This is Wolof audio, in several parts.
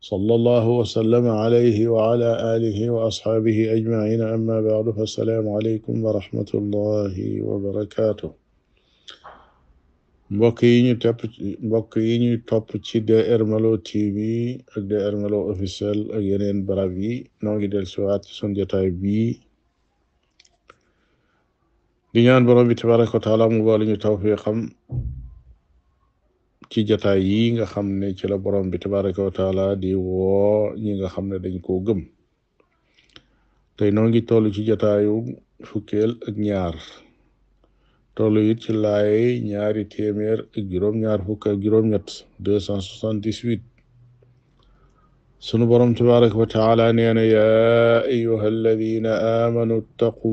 sallallahu wa sallama alayhi wa ala alihi wa asxaabihi ajmaina amma baadu fa salaamu aleykum wa rahmatullahi wa barakaatu mbokk yi ñu topp mbokk yi ñu topp ci DR Malo TV ak DR Malo officiel ak yeneen barab yi noo ngi del siwaat ci sun jotaay bii di ñaan borom bi tabaraka wa taala mu boole ñu tawfiqam ci jataay yi nga xam ne ci la borom bi tabaraka wa taala di woo ñi nga xam ne dañ koo gëm tey noo ngi toll ci jataayu fukkeel ak ñaar toll ci laaye ñaari téeméer ak juróom-ñaar fukk deux cent soixante-dix-huit sunu borom tabaraka wa taala nee na yaa ayuha alladina aamanu ttaqu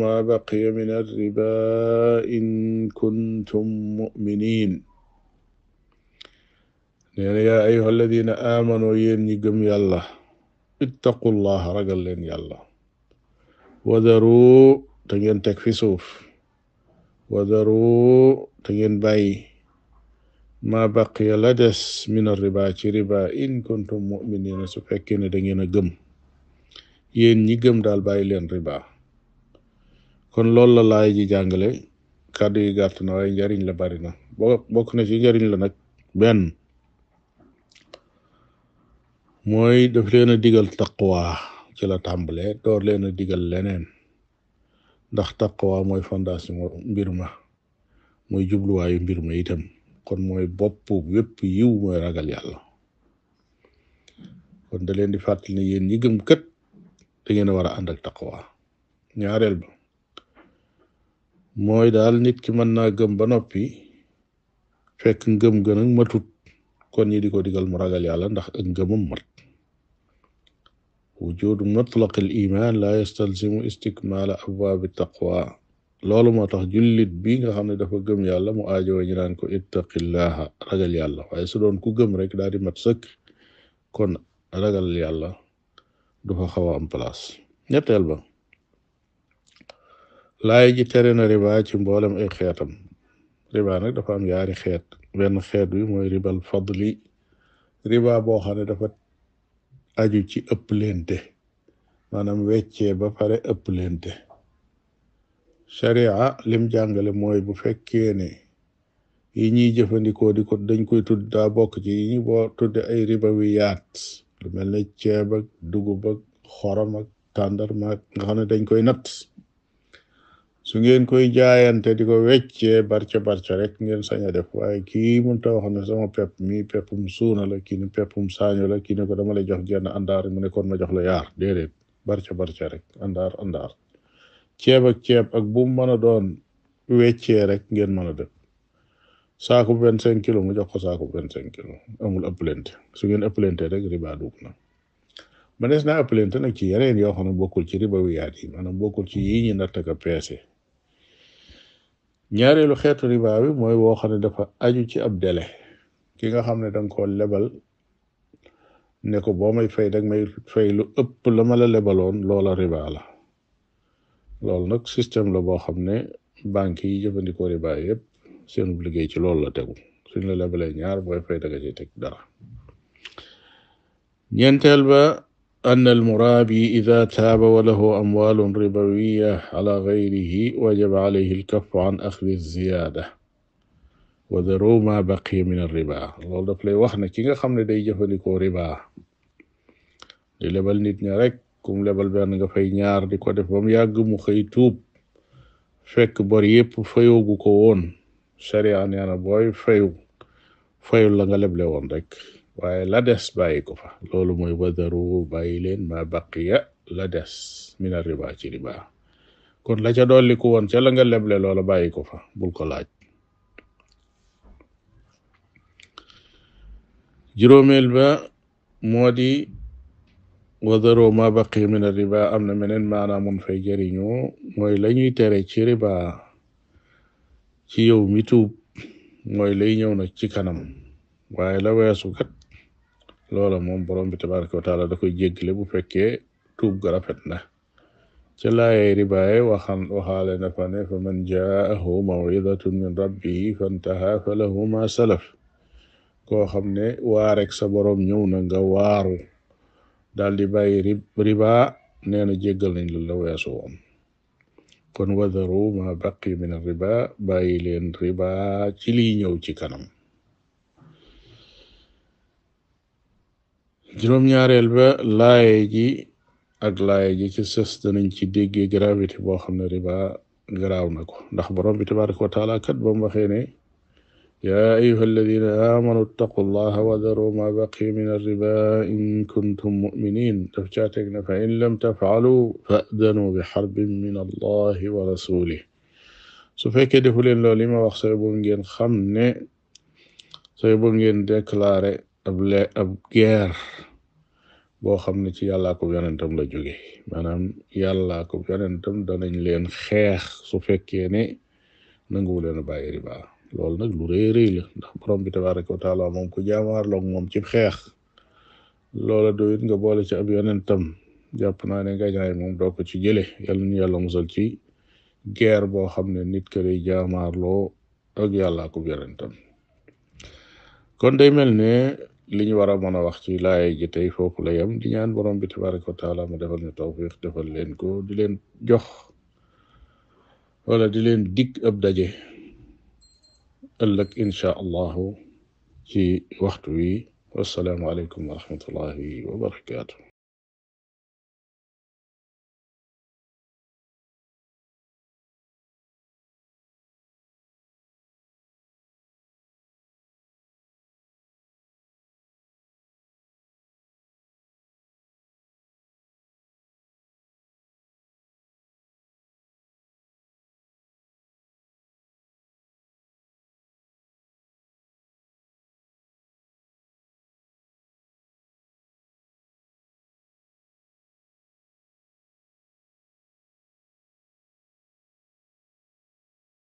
ma baqiya min arriba in kuntum muminin nee na yaa ayuha alladina aamano yéen ñi gëm yàlla ittaqullaha ragal leen yàlla wadaru te ngeen teg fi suuf wadaru te ngeen bàyyi maa baqiya la des min riba ci riba in kuntum muminina su fekkee ne da ngeen a gëm yéen ñi gëm daal bàyyi leen riba kon loolu la laay ji jàngale kàddu yi gàtt na waaye njariñ la bari na bokk na ci njariñ la nag benn mooy daf leen a digal taqwa ci la tàmbale door leen a digal leneen ndax taqwa mooy fondation mbir ma mooy jubluwaayu mbir ma itam kon mooy bopp wépp yiw mooy ragal yàlla kon da leen di fàttali ne yéen ñi gëm kët da ngeen a war a ànd ak taqwa ñaareel ba mooy daal nit ki mën naa gëm ba noppi fekk ngëm gën ak matut kon ñi di ko digal mu ragal yàlla ndax ak ngëmam mat wujudu mutlaq al iman la yastalzimu istikmaala abwaabi taqwa loolu moo tax jullit bi nga xam ne dafa gëm yàlla mu aajowoo ñu naan ko ittaqillaha ragal yàlla waaye su doon ku gëm rek daal di mat sëkk kon ragal yàlla du fa xaw a am place ñetteel ba laay ji tere na riba ci mboolem ay xeetam riba nag dafa am yaari xeet benn xeet wi mooy ribal fadli riba boo xam ne dafa aju ci ëpp lente maanaam weccee ba pare ëpp ëpplente sharia lim jàngale mooy bu fekkee ne yi ñuy jëfandikoo di ko dañ koy tudd daa bokk ci yi ñu boo tudde ay riba wi yaat lu mel ne ceeb ak dugub ak xorom ak tàndarma nga xam ne dañ koy natt su ngeen koy jaayante di ko weccee barca barca rek ngeen saña def waaye kii mënta wax ne sama pep mi peppum suuna la kii ni peppum saaño la kii ne ko dama lay jox jenn àndaar mu ne kon ma jox la yaar déedéet barca barca rek àndaar àndaar ceeb ak ceeb ak bu mën a doon wecce rek ngeen mën a def saaku vingt cinq kilo mu jox ko saaku vingt cinq kilo amul ëppalente su ngeen ëppalente rek riba dugg na manees naa ëppalente nag ci yeneen yoo xam ne bokkul ci riba wiyaat yi maanaam bokkul ci yii ñi natt ak a peese ñaareelu xeetu riba mooy woo xam ne dafa aju ci ab délai ki nga xam ne danga ko lebal ne ko boo may fay dag may fay lu ëpp la ma la lebaloon loola riba la loolu nag système la boo xam ne banque yi jëfandikoo riba yépp seen liggéey ci loolu la tegu suñ la lebalee ñaar booy fay da ci teg dara ñeenteel ba أن المرابي إذا تاب وله أموال ربوية على غيره وجب عليه الكف عن أخذ الزيادة وذروا ما بقي من الربا loolu daf lay wax ne ki nga xam ne day jëfandikoo riba di lebal nit ña rek kum lebal benn nga fay ñaar di ko def ba mu yàgg mu xëy tuub fekk bor yépp fayoogu ko woon sharia nee na booy fayu fayul la nga leble woon rek waaye la des bàyyi ko fa loolu mooy wadaru bàyyi leen ma baqiya la des mina riba ci riba kon la ca dolliku woon ca la nga leble loola bàyyi ko fa bul ko laaj juróomeel ba moo di wadaroo ma baqi min riba am na meneen maanaam mun fay jëriñoo mooy lañuy tere ci riba ci yow mi tuub mooy lay ñëw na ci kanam waaye la weesu kat loola moom borom bi tabaraka wa taala da koy jéggale bu fekkee tuub ga rafet na ca laayay ribaaye waxan waxaale na fa ne fa man jaahu mawidatun min rabbihi fantaha fa lahu ma salaf koo xam ne waarek sa borom ñëw na nga waaru daldi di bàyyi riba nee na jéggal nañ la la weesu woon kon wadaru ma baqi min riba bàyyi leen riba ci lii ñëw ci kanam juróom-ñaareel ba laaye ji ak laaye ji ci sës danañ ci dégge gravité boo xam ne riba garaaw na ko ndax borom bi tabaraka wa taala kat ba mu waxee ne yaa ayuha alladina amanu ttaqu llaha wa daru ma baqi min arriba in kuntum muminin daf caateeg na fa in lam tafaalu fa'danu bi xarbin min allahi wa rasulih su fekkee defu leen loolu li ma wax sooy bu ngeen xam ne sooy bu ngeen déclaré ab le ab guerre boo xam ne ci yàllaa ko tam la joge maanaam yàllaa ko tam yonentam danañ leen xeex su fekkee ne nanguwu leen a bàyyi riba loolu nag lu rëy rëy la ndax borom bi tabaraka wa taala moom ku jaamaarloog moom ci xeex loola doyit nga boole ci ab yonentam jàpp naa ne ngañaay moom doo ko ci jële yàlla ñu yàlla musal ci guerre boo xam ne nit ka day ak yàllaa ko yonentam kon day ne li ñu war a mën a wax ci laay ji tey foofu la yem di ñaan borom bi tabaraka wa taala mu defal ñu tawfiq defal leen ko di leen jox wala di leen dig ab daje ëllëg incha allahu ci waxtu wi wassalaamu aleykum wa wa barakaatu.